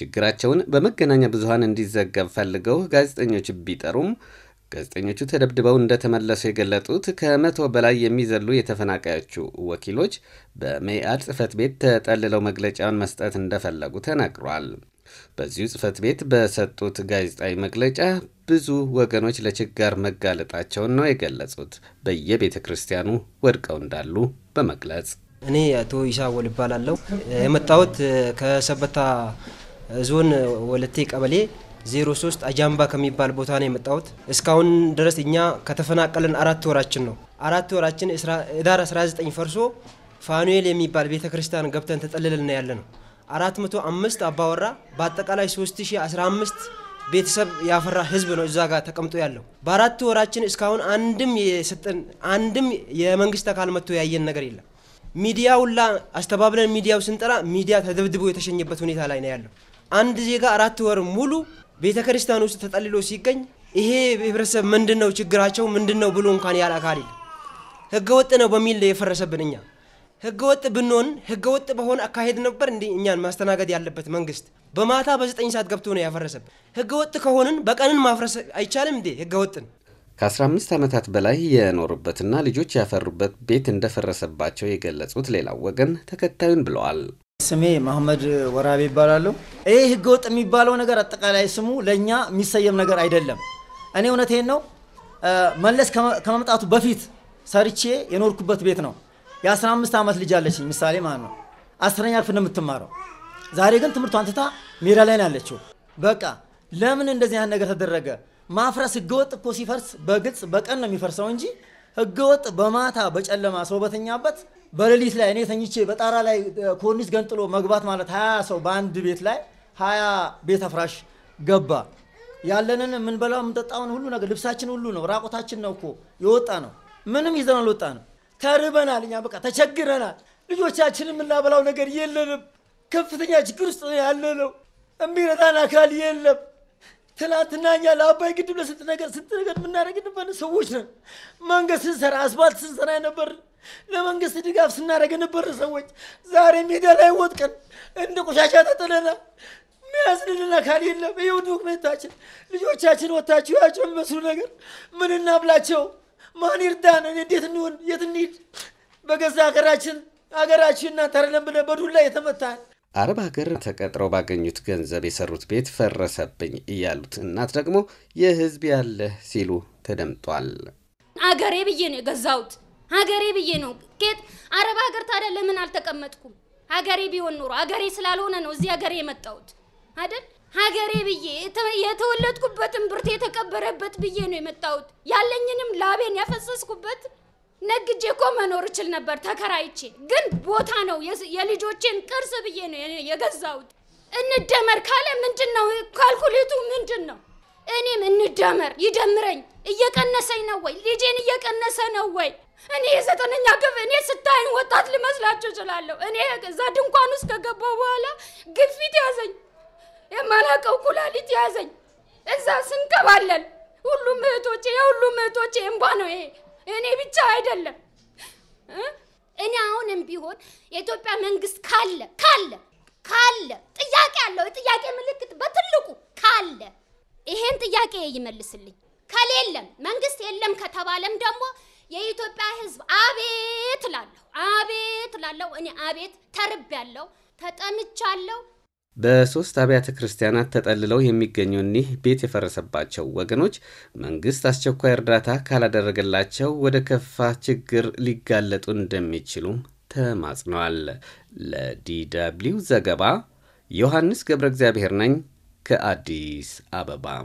ችግራቸውን በመገናኛ ብዙሀን እንዲዘገብ ፈልገው ጋዜጠኞች ቢጠሩም ጋዜጠኞቹ ተደብድበው እንደተመለሱ የገለጡት ከመቶ በላይ የሚዘሉ የተፈናቃዮቹ ወኪሎች በመኢአድ ጽህፈት ቤት ተጠልለው መግለጫውን መስጠት እንደፈለጉ ተናግሯል። በዚሁ ጽሕፈት ቤት በሰጡት ጋዜጣዊ መግለጫ ብዙ ወገኖች ለችጋር መጋለጣቸውን ነው የገለጹት። በየቤተ ክርስቲያኑ ወድቀው እንዳሉ በመግለጽ እኔ አቶ ይሳ ወል ይባላለሁ። የመጣሁት ከሰበታ ዞን ወለቴ ቀበሌ 03 አጃምባ ከሚባል ቦታ ነው የመጣሁት። እስካሁን ድረስ እኛ ከተፈናቀለን አራት ወራችን ነው። አራት ወራችን ህዳር 19 ፈርሶ ፋኑኤል የሚባል ቤተ ክርስቲያን ገብተን ተጠልለን ያለ ነው። 405 አባወራ በአጠቃላይ 3015 ቤተሰብ ያፈራ ህዝብ ነው እዛ ጋር ተቀምጦ ያለው። በአራት ወራችን እስካሁን አንድም የሰጠን አንድም የመንግስት አካል መጥቶ ያየን ነገር የለም። ሚዲያውላ አስተባብለን ሚዲያው ስንጠራ ሚዲያ ተደብድቦ የተሸኘበት ሁኔታ ላይ ነው ያለው። አንድ ዜጋ አራት ወር ሙሉ ቤተ ክርስቲያን ውስጥ ተጠልሎ ሲገኝ ይሄ ህብረተሰብ ምንድን ነው ችግራቸው ምንድን ነው ብሎ እንኳን ያላካል ህገ ወጥ ነው በሚል የፈረሰብን እኛ ህገ ወጥ ብንሆን ህገ ወጥ በሆነ አካሄድ ነበር እንዲ እኛን ማስተናገድ ያለበት መንግስት በማታ በዘጠኝ ሰዓት ገብቶ ነው ያፈረሰብን። ህገ ወጥ ከሆንን በቀንን ማፍረስ አይቻልም እንዴ? ህገ ወጥን ከ15 ዓመታት በላይ የኖሩበትና ልጆች ያፈሩበት ቤት እንደፈረሰባቸው የገለጹት ሌላው ወገን ተከታዩን ብለዋል። ስሜ መሐመድ ወራቤ ይባላለሁ። ይህ ህገወጥ የሚባለው ነገር አጠቃላይ ስሙ ለእኛ የሚሰየም ነገር አይደለም። እኔ እውነቴን ነው። መለስ ከመምጣቱ በፊት ሰርቼ የኖርኩበት ቤት ነው። የ15 ዓመት ልጅ አለችኝ፣ ምሳሌ ማለት ነው። አስረኛ ክፍል የምትማረው። ዛሬ ግን ትምህርቷን ትታ ሜዳ ላይ ነው ያለችው። በቃ ለምን እንደዚህ ያህል ነገር ተደረገ? ማፍረስ ህገወጥ እኮ ሲፈርስ በግልጽ በቀን ነው የሚፈርሰው እንጂ ህገወጥ በማታ በጨለማ ሰው በተኛበት በሌሊት ላይ እኔ ተኝቼ በጣራ ላይ ኮርኒስ ገንጥሎ መግባት ማለት ሀያ ሰው በአንድ ቤት ላይ ሀያ ቤት አፍራሽ ገባ። ያለንን የምንበላው የምንጠጣውን ሁሉ ነገር ልብሳችን ሁሉ ነው። ራቆታችን ነው እኮ የወጣ ነው። ምንም ይዘን አልወጣ ነው። ተርበናል። እኛ በቃ ተቸግረናል። ልጆቻችን የምናበላው ነገር የለንም። ከፍተኛ ችግር ውስጥ ያለ ነው። የሚረዳን አካል የለም። ትላንትና እኛ ለአባይ ግድብ ለስንት ነገር ስንት ነገር የምናደርግ ነበርን። ሰዎች ነን። መንግስት ስንሰራ አስፋልት ስንሰራ የነበርን ለመንግስት ድጋፍ ስናደርግ የነበርን ሰዎች ዛሬ ሜዳ ላይ ወጥቀን እንደ ቆሻሻ ተጥለናል። የሚያዝንልን አካል የለም። ይህ ዶክሜንታችን ልጆቻችን ወታችሁ ያቸው የሚመስሉ ነገር ምን እናብላቸው? ማን ይርዳን? እንዴት እንሆን? የት እንሂድ? በገዛ ሀገራችን ሀገራችን እናንተ አይደለም ብለህ በዱላ የተመታን አረብ ሀገር ተቀጥረው ባገኙት ገንዘብ የሰሩት ቤት ፈረሰብኝ እያሉት እናት ደግሞ የህዝብ ያለህ ሲሉ ተደምጧል። አገሬ ብዬ ነው የገዛሁት፣ ሀገሬ ብዬ ነው ጌጥ። አረብ ሀገር ታዲያ ለምን አልተቀመጥኩም? ሀገሬ ቢሆን ኖሮ ሀገሬ ስላልሆነ ነው እዚህ ሀገሬ የመጣሁት አይደል? ሀገሬ ብዬ የተወለድኩበትን ብርት የተቀበረበት ብዬ ነው የመጣሁት ያለኝንም ላቤን ያፈሰስኩበት ነግጄ እኮ መኖር እችል ነበር ተከራይቼ። ግን ቦታ ነው የልጆቼን ቅርስ ብዬ ነው የገዛሁት። እንደመር ካለ ምንድን ነው ካልኩሌቱ ምንድን ነው? እኔም እንደመር ይደምረኝ። እየቀነሰኝ ነው ወይ? ልጄን እየቀነሰ ነው ወይ? እኔ የዘጠነኛ ግብ እኔ ስታይን ወጣት ልመስላችሁ እችላለሁ። እኔ እዛ ድንኳን ውስጥ ከገባሁ በኋላ ግፊት ያዘኝ፣ የማላቀው ኩላሊት ያዘኝ። እዛ ስንከባለን ሁሉም እህቶቼ የሁሉም እህቶቼ እንባ ነው ይሄ እኔ ብቻ አይደለም። እኔ አሁንም ቢሆን የኢትዮጵያ መንግስት ካለ ካለ ካለ ጥያቄ አለው የጥያቄ ምልክት በትልቁ ካለ ይሄን ጥያቄ ይመልስልኝ። ከሌለም መንግስት የለም ከተባለም ደግሞ የኢትዮጵያ ሕዝብ አቤት ላለሁ አቤት ላለሁ እኔ አቤት ያለው ተጠምቻለሁ በሶስት አብያተ ክርስቲያናት ተጠልለው የሚገኙ እኒህ ቤት የፈረሰባቸው ወገኖች መንግስት አስቸኳይ እርዳታ ካላደረገላቸው ወደ ከፋ ችግር ሊጋለጡ እንደሚችሉም ተማጽነዋል። ለዲደብሊው ዘገባ ዮሐንስ ገብረ እግዚአብሔር ነኝ ከአዲስ አበባ